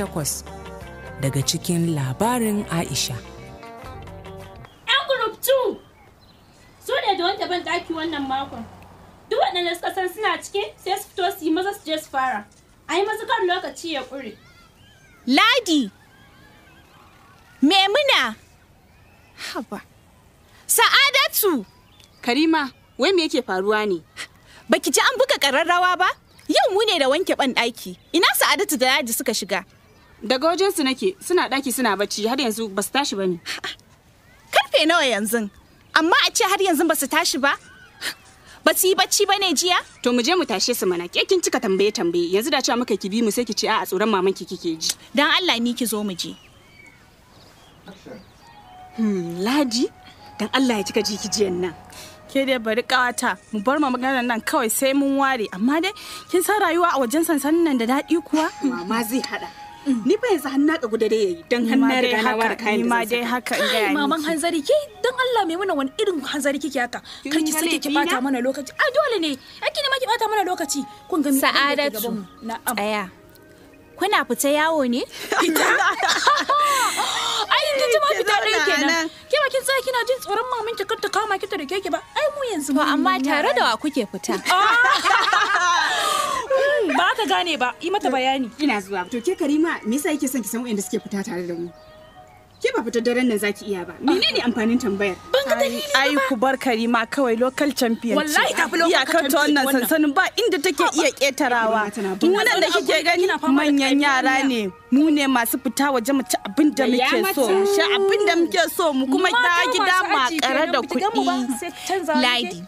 takwas daga cikin labarin Aisha. ‘Yan group 2 su ne da wanda ban daki wannan makon. Duk waɗanda suka san suna cikin sai su fito su yi maza su je su fara. A yi mazukar lokaci ya ƙure. Ladi! Memuna! Haba! Sa'adatu! Karima, wai me yake faruwa ne? Baki ji an buga ƙararrawa ba? Yau mu ne da wanke ban ɗaki. Ina Sa'adatu da Ladi suka shiga. Daga wajen su nake suna daki suna bacci har yanzu ba su tashi ba ne. Karfe nawa yanzu? Amma a ce har yanzu ba su tashi ba? Ba su yi bacci ba ne jiya? To mu je mu tashe su mana ke kin cika tambaye tambaye yanzu da cewa muka ki bi mu sai ki ce a tsoron maman ki kike ji. Dan Allah ni ki zo mu je. Hmm, Ladi, dan Allah ya cika ji ki jiyan nan. ke dai bari kawata mu bar ma maganar nan kawai sai mun ware amma dai kin san rayuwa a wajen sansanin nan da daɗi kuwa mama zai hada ni fa yanzu hannu ka guda dai yayi don hannu ya riga na kayan ma dai haka in ga maman hanzari ke don Allah mai mana wani irin hanzari kike haka kar ki sake ki bata mana lokaci a dole ne yake ne ma ki bata mana lokaci kun ga sa'adatu tsaya kuna fita yawo ne fita kin ji ma fita kenan ke ba kin tsaya kina jin tsoron maman ki ta kama ki ta da keke ba ai mu yanzu ba amma tare da wa kuke fita hmm, ba ka gane ba yi mata bayani ina zuwa to ke karima me yasa yake son ki san wanda suke fita tare da mu ke ba fita daren nan zaki iya ba menene amfanin tambayar ban ga dalili ba ai ku bar karima kawai local champion wallahi ta local champion ta wannan sansanin ba inda take iya ketarawa wannan da kike gani manyan yara ne mu ne masu fita waje mu ci abin da muke so sha abin da muke so mu kuma ta gida makare da kuɗi lady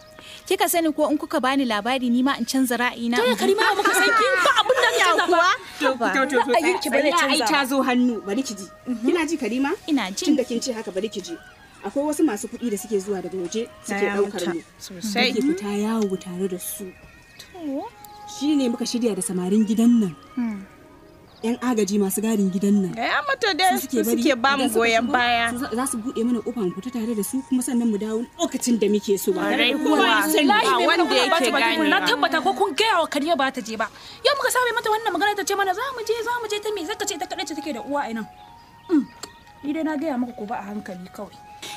kika sani ko in kuka bani labari ni ma in canza ra'ayi na? to ya karima muka san kin ba abun da ya kuwa to to to ayin ki bari canza ai ta zo hannu bari ki ji mhm. kina ji karima ina ji tunda kin ce haka bari ki ji akwai wasu masu kuɗi da suke zuwa daga waje suke daukar mu sosai ki fita yawo tare da su to shine muka shirya da samarin gidan nan hmm. yan agaji masu gadin gidan nan ya mata da su suke ba mu goyon baya za su bude mana kofar fita tare da su kuma sannan mu dawo lokacin da muke so ba rai kuma wanda yake gani na tabbata ko kun gaya wa kariya ba ta je ba yau muka same mata wannan magana ta ce mana za mu je za mu je ta me zaka ce ta kaɗai take da uwa a nan hmm. ni dai na gaya maka ko ba a hankali kawai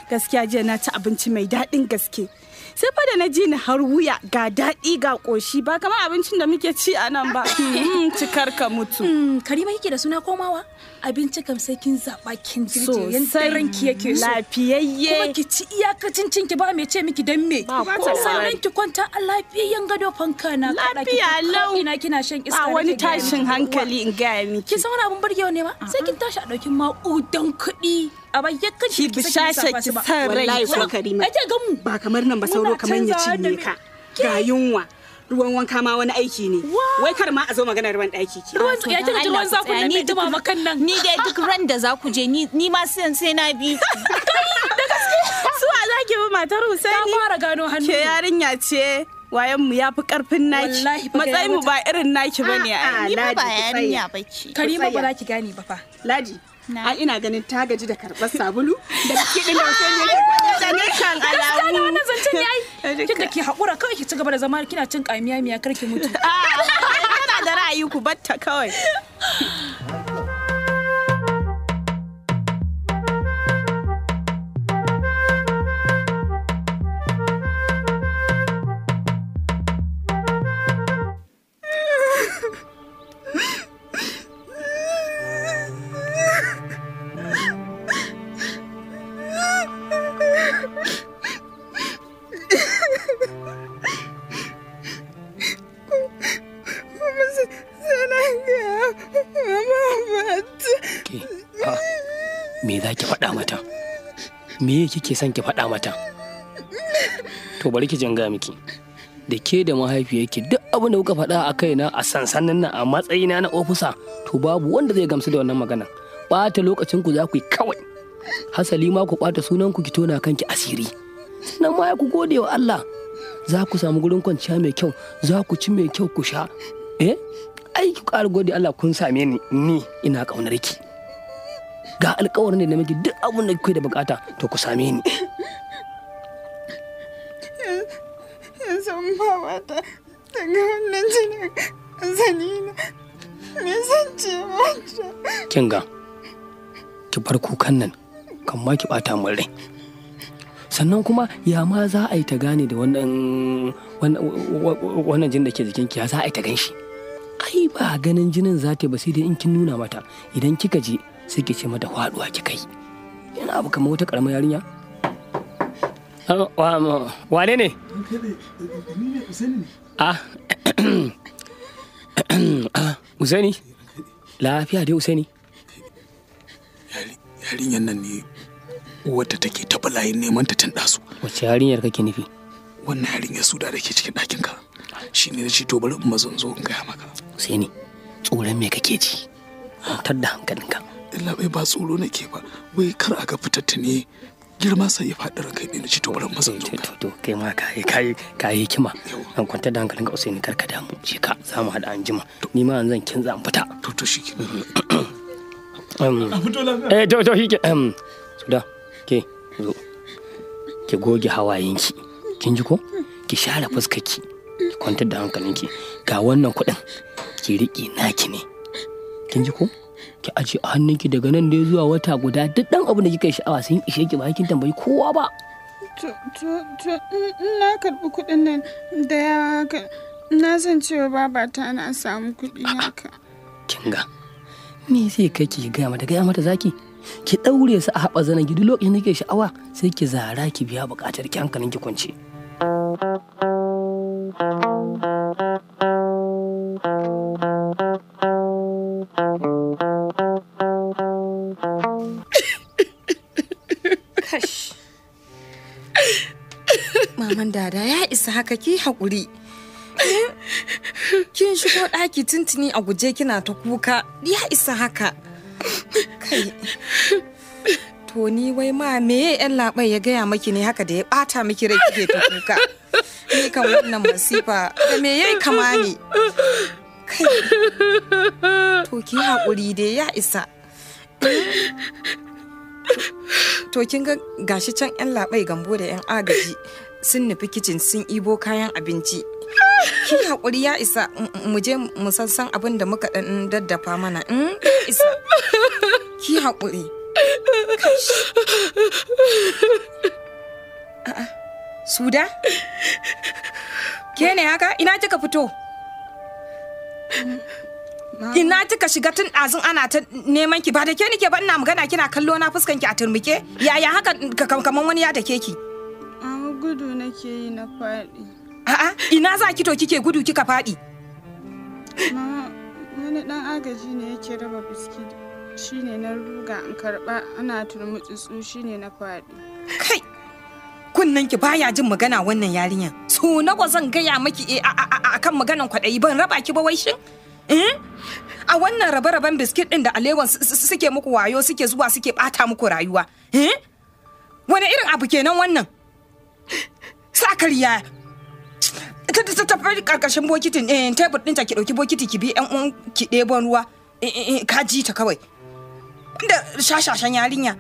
gaskiya jiya na ci abinci mai daɗin gaske sai fa da na ji ni har wuya ga daɗi ga ƙoshi ba kamar abincin da muke ci a nan ba mm, cikar ka mutu mm, karima yake da suna komawa abinci kam sai kin zaɓa kin jirje yanda ranki yake so lafiyayye kuma ki ci iyakacin cin ki ba me ce miki dan me sannan ki kwanta a lafiyayyen gado fanka na lafiya lau ina kina shan iska a wani tashin hankali in ga miki ki san wani abun burgewa ne ma sai kin tashi a ɗaukin ma'udan kuɗi A ya kan shi ki sake ki sa rai wallahi ko ga mu ba kamar nan ba sauro kamar ya cinye ka ga yunwa ruwan wanka ma wani aiki ne wai kar ma a zo magana ruwan daki ki ruwan ya kira ruwan za ku ne ni duma makan nan ni dai duk ran da za ku je ni ni ma sai sai na bi da gaske su a zaki ba matar Husaini ta fara gano hannu ke yarinya ce wayan mu yafi karfin naki matsayin mu ba irin naki bane a ni ba yarinya bace karima ba za ki gane ba fa laji a ina ganin ta gaji da karɓar sabulu da kiɗin da wasan yare da ne kan alamu gaskiya wannan zancen ne ai kin da ki haƙura kawai ki ci gaba da zama kina cin ƙamiya miya karki mutu a ah, kana da ra'ayi ku batta kawai me za ki faɗa mata me kike son ki faɗa mata to bari ki janga miki da ke da mahaifiyarki duk abin da kuka faɗa a kaina a sansanin nan a matsayina na ofisa to babu wanda zai gamsu da wannan magana ɓata lokacin ku za ku yi kawai hasali ma ku ɓata sunan ku ki tona kanki asiri nan ma ku gode wa Allah za ku samu gurin kwanciya mai kyau za ku ci mai kyau ku sha eh ai ku ƙara gode Allah kun same ni ni ina ƙaunar ki ga alkawarin da namiji duk abin da kuke da bukata to ku same ni san mama ta daga wannan jinin na me zan ce mata kin ki bar kukan nan kan ma ki bata min rai sannan kuma ya ma za a yi ta gane da wannan wannan jin da ke jikin ki ya za a yi ta ganshi. shi ai ba ganin jinin zata ta ba sai dai in kin nuna mata idan kika je sai ke ce mata faduwa ki kai yana abu kamar wata karamar yarinya wane ne a ah, ah, Usaini lafiya dai Usaini yarinyar nan ne wata take taɓa layin neman ta tanda su wacce yarinyar kake nufi wannan yarinyar su da ke cikin ɗakinka ka shi ne ce to bari mazan zo in gaya maka Usaini tsoron me kake ji tar da hankalinka illa bai ba tsoro nake ba wai kar a ga fitatta ne girma sai ya faɗi ranka ne na ci to bari mazan zo to to kai ma kai kai kai kima an kwanta da hankalinka usai kar karka damu je ka za mu haɗa anjima ni ma zan za an fita to to shi mm-hmm. um, eh to to shi ke um, da ke zo ki goge hawayenki kin ji ko ki share fuskarki ki kwantar da hankalinki ga wannan kuɗin ki riƙe naki ne kin ji ko ki aje a hannunki daga nan ne zuwa wata guda duk dan abu da kika sha'awa sun ishe ki ba kin tambayi kowa ba to to na karbi kuɗin nan da yawa ka na san cewa baba ta na samu kuɗi haka kinga me zai kake gaya mata gaya mata zaki ki ɗaure su a haɓa zana gidi lokacin da kike sha'awa sai ki zara ki biya buƙatar ki hankalin ki kwance dada ya isa haka ki haƙuri kin shigo ɗaki tuntuni a guje kina ta kuka ya isa haka kai to ni wai ma me yan labai ya gaya maki ne haka da ya bata miki rai kike ta kuka ni kan wannan masifa da me yayi kama ne kai to ki haƙuri dai ya isa to kin ga gashi can yan labai gambo da yan agaji sun nufi kicin sun ibo kayan abinci ki haƙuri ya isa mu je mu san abin da muka ɗan daddafa mana mm, isa ki haƙuri suda ke ne haka ina kika fito ina kika shiga tun ɗazun ana ta neman ki ba da ke nike ba ina magana kina kallo na fuskanki a turmuke yaya haka kamar wani ya da keki? ki gudu nake yi na faɗi. A'a, ina za ki to kike gudu kika faɗi? wani ɗan agaji ne yake raba biskit. Shi ne na ruga in karɓa ana tsutsu shi ne na faɗi. Kai! Kunnen ki baya jin magana wannan yarinya. So nawa zan gaya maki eh, a kan maganan kwaɗayi ban raba ki ba wai shin? Eh? A wannan rabe-raben biskit ɗin da alewan suke muku wayo suke zuwa suke ɓata muku rayuwa. Eh? Wani irin abu kenan wannan? sakariya ta ta tafi karkashin bokitin eh, tebur ta, ki ɗauki bokiti ki bi yan uwan ki ɗeban ruwa eh, eh, ka ji ta kawai da shashashan yarinya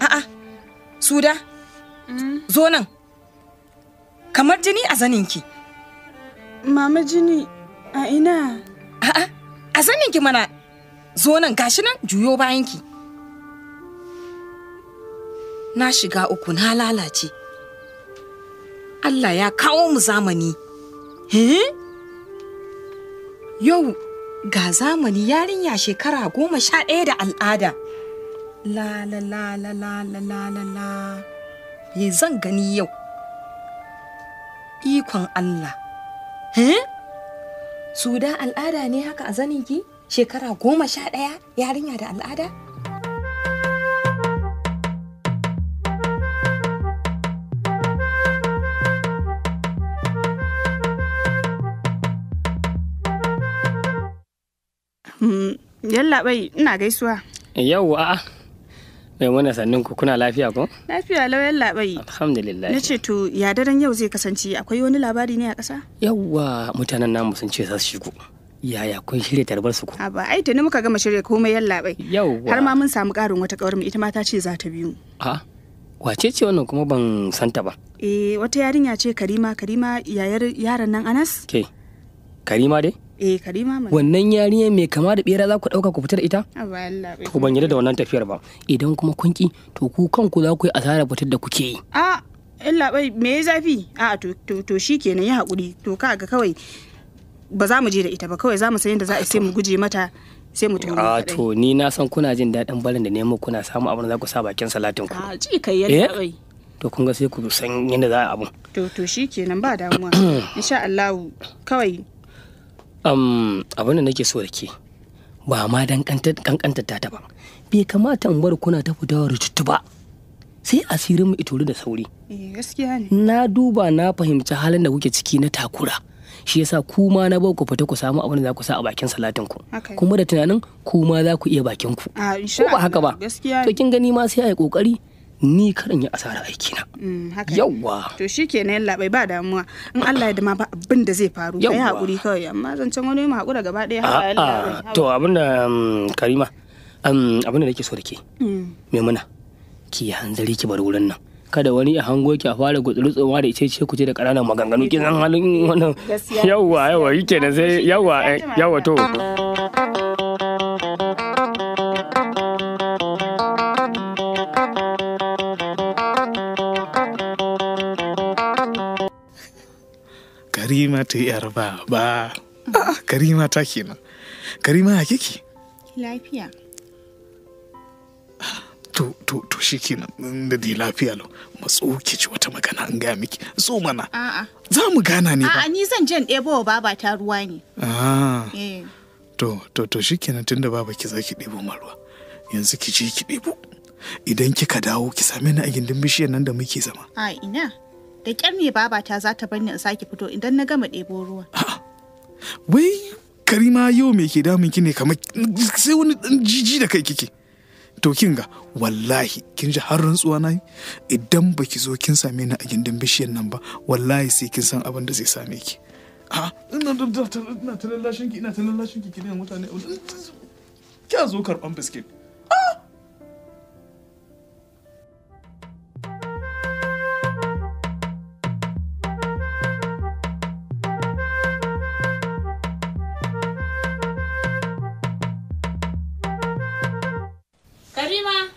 a'a suda mm. zo nan kamar jini a zaninki mama jini a ina a'a a zaninki mana zo nan gashi nan juyo bayanki na shiga uku na lalace Allah ya kawo mu zamani eh? yau ga zamani yarinya shekara goma sha ɗaya da al'ada la la la la la la la la la me zan gani yau ikon Allah eh? su da al'ada ne haka a zaninki shekara goma sha ɗaya yarinya da al'ada Yallaɓai ina gaisuwa. Yau a'a. Mai mana sannin ku kuna lafiya ko? Lafiya lau yallaɓai. Alhamdulillah. Na ce to ya daren yau zai kasance akwai wani labari ne a ƙasa? Yawwa mutanen namu sun ce za su shigo. Yaya kun shirya tarbar su ku? A ba ai tuni muka gama shirya komai yallaɓai. Yau. Har ma mun samu ƙarin wata ƙawar mu ita ma ta ce za ta biyu. A'a. wace ce wannan kuma ban santa ba eh wata yarinya ce karima karima yayar yaran nan anas ke karima dai eh karima mana wannan yarinya mai kama da bera za ku dauka ku fitar ita to ban yarda da wannan tafiyar ba idan kuma kun ki to ku kanku za ku yi asara fitar da kuke yi a illa bai me ya zafi a to to shikenan ya hakuri to ka ga kawai ba za mu je da ita ba kawai za mu san yadda za a sai mu guje mata sai mu tuni a to ni na san kuna jin daɗin barin da nemo kuna samu abin da za ku sa bakin salatin ku a ji kai yadda eh? bai to kun ga sai ku san yadda za a abu. to to shikenan ba damuwa insha Allah kawai um, abin da nake so da ke ba ma dan kankanta ta ba bai kamata in bar kuna ta fita rututu ba sai asirin mu ituri da sauri eh, na duba na fahimci halin da kuke ciki na takura shi yasa kuma na na ku fita ku samu abin da za ku sa a bakin salatin ku kuma da tunanin kuma za ku iya bakin ku ah, ko ba haka ba to kin gani ma sai a yi kokari ni karan ya asara aiki na mm, yawwa to shikenan yalla bai ba damuwa in Allah ya dama ba abin da zai faru yi hakuri kawai amma zancen wani mu hakura gaba daya ha to abinda um, Karima um, abinda nake so da ke mm. Maimuna ki hanzari ki bar wurin nan kada wani ya hango ki a fara gutsurutsuwa da ice ce ku je da ƙananan maganganu kin san halin wannan yawwa yawwa yake da sai yawwa yawwa eh, to karima ta yi baba ba karima ta kenan karima ya kiki lafiya to to to shi kenan da di lafiya lau matso ki ci wata magana an gaya miki so mana za mu gana ne ba a'a ni zan jan ɗebo wa baba ta ruwa ne ah eh. to to to shi kenan tunda baba ki za ki ɗebo ma ruwa yanzu ki je ki ɗebo idan kika dawo ki same ni a gindin bishiyar nan da muke zama a ina da kyar ne babata za ta bani in sake fito idan na gama ɗebo ruwa. Wai karima yau me ke damun ki ne kamar sai wani ɗan jiji da kai kike. To kin ga wallahi kin ji har rantsuwa na idan baki zo kin same ni a gindin bishiyar nan ba wallahi sai kin san abin da zai same ki. Ina ta lallashin ki ina ta lallashin ki mutane. Kya zo karɓan biskit. Karima!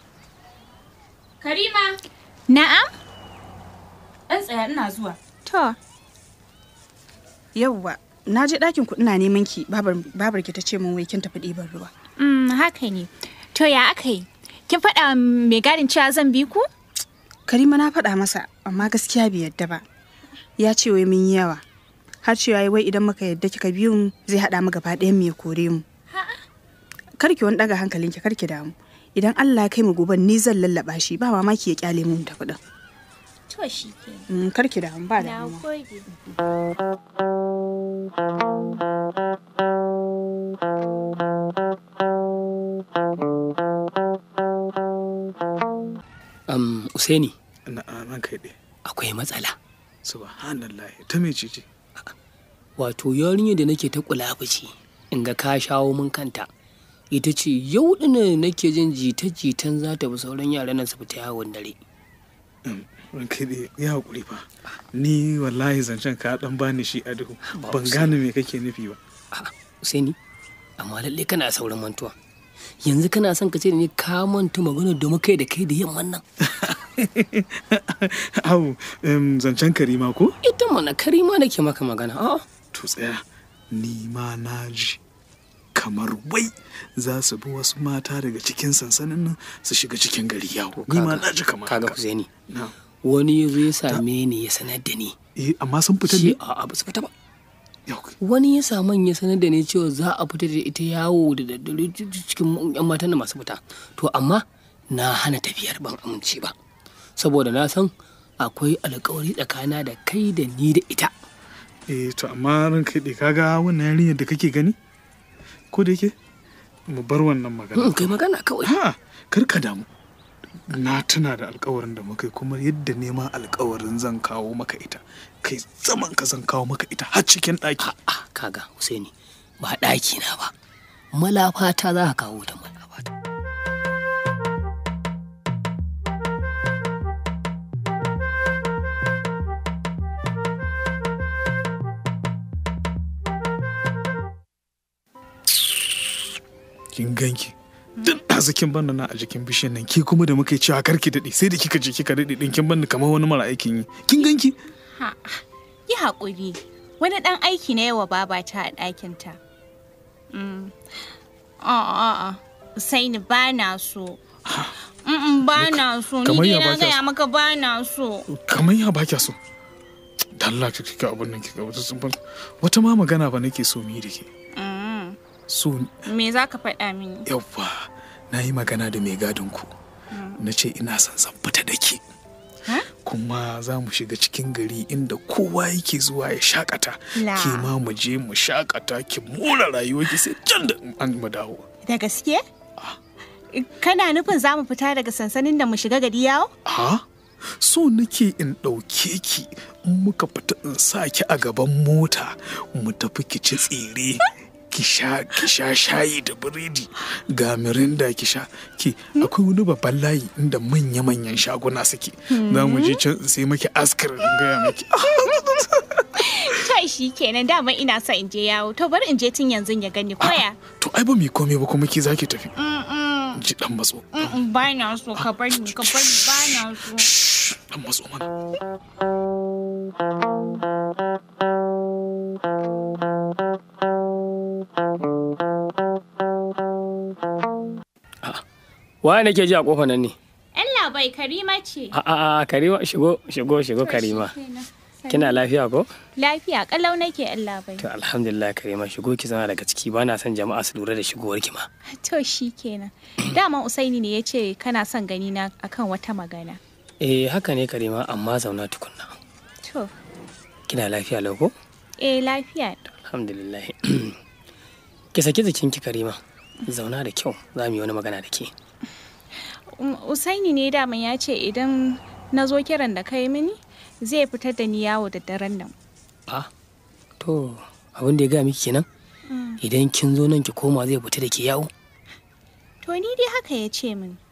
Karima! Na'am? Ɗan tsaya ina zuwa. To. Yawwa, na je ɗakin kuɗi na neman ki babar ki ta ce min wai kin tafi ɗiban ruwa. Mm, haka ne. To ya aka yi? Kin faɗa mai gadin cewa zan bi ku? Karima na faɗa masa, amma gaskiya bai yadda ba. Ya ce wai mun yawa. Har cewa wai idan muka yadda kika biyun zai haɗa mu gaba ɗayan mu ya kore mu. Kar ki wani ɗaga hankalinki ki damu. idan Allah ya kai mu gobe ni zan lallaba shi ba mamaki ya kyale mu da kuɗin to shi ke mm, kar ki da ba da Useni. Na an kai dai. Akwai matsala. Subhanallah, ta me ce? Wato yarinya da nake ta kula ce, in ga ka shawo mun kanta. ita ce yau ɗina nake jin jita-jitan za ta bi sauran yaran nan su fita yawon dare. Mm, ranka ya haƙuri fa ni wallahi zancen ka ɗan bani shi a duhu ban gane me kake nufi ba sai ni amma lalle kana sauran mantuwa yanzu kana son ka ce da ni ka manta magana da kai da kai da yamman nan au zancen karima ko ita mana karima nake maka magana to tsaya ni ma na ji kamar wai za su bi wasu mata daga cikin sansanin nan su shiga cikin gari yawo ni ma na ji kamar kaga zeni wani ya zo ya same ni ya sanar da ni eh, amma sun fita ne a ba su fita ba wani ya samu ya sanar da ni cewa za a fita da ita yawo da daddare cikin yan matan da masu fita to amma na hana tafiyar ban amince ba saboda na san akwai alkawari tsakana da kai da ni da ita eh to amma ran kai kaga wannan yarinyar da kake gani ko da yake mu bar wannan magana hmm, kai magana kawai ha kar damu na tuna da alkawarin da muka yi kuma yadda nema alkawarin zan kawo maka ita kai zaman ka zan kawo maka ita har cikin ɗaki a'a kaga Husaini ba ɗakina na ba malafata za ka kawo ta ganki duk arzikin banna na a jikin bishiyan nan ke kuma da muka cewa karki daɗe sai da kika je kika daɗi ɗin kin banna kamar wani mara aikin yi kin ganki yi haƙuri wani ɗan aiki na yawa babata a ɗakin ta. Mm. sai ni ba na so ba na so ni dai na gaya maka ba na so kamar ya baki so dalla kika abin nan kika wata sun wata ma magana ba nake so mu yi da ke mm. so me za ka faɗa mini yawwa na yi magana da mai gadin ku hmm. na ce ina son zan fita da ke kuma za mu shiga cikin gari inda kowa yake zuwa ya shakata ke ma mu je mu shakata ki rayuwa ki sai can da an mu dawo da gaske ah. kana nufin za mu fita daga sansanin da mu shiga gari yawo ha ah. so nake in ɗauke ki in muka fita in sa ki a gaban mota mu tafi ki ci tsire ki sha ki sha shayi da biredi ga mirinda ki sha ki akwai wani babban layi inda manya manyan shaguna suke za mu je can sai maki askar gaya maki kai shi kenan dama ina sa in je yawo to bari in je tun yanzu ya gani koya to ai ba mu komai ba kuma ki zaki tafi ji dan matso ba na so ka bari ka bari ba na so dan matso mana waye nake ji a kofa nan ne Allah bai Karima ce a a Karima shigo shigo shigo Karima kina lafiya ko lafiya kalau nake Allah bai to alhamdulillah Karima shigo ki zama daga ciki bana son jama'a su lura da shigowar ki ma to shikenan dama Usaini ne yace kana son gani na akan wata magana eh haka ne Karima amma zauna tukunna to kina lafiya lau ko eh lafiya alhamdulillah ki saki ki, Karima zauna da kyau za mu yi wani magana da ke. Um, usaini ne daman ya ce idan na zo kiran da kai mini zai fitar da ni yawo da daren nan a ah, to abin da ya gaya miki kenan mm. idan kin zo nan ki koma zai fita da ke yawo to ni dai haka ya ce min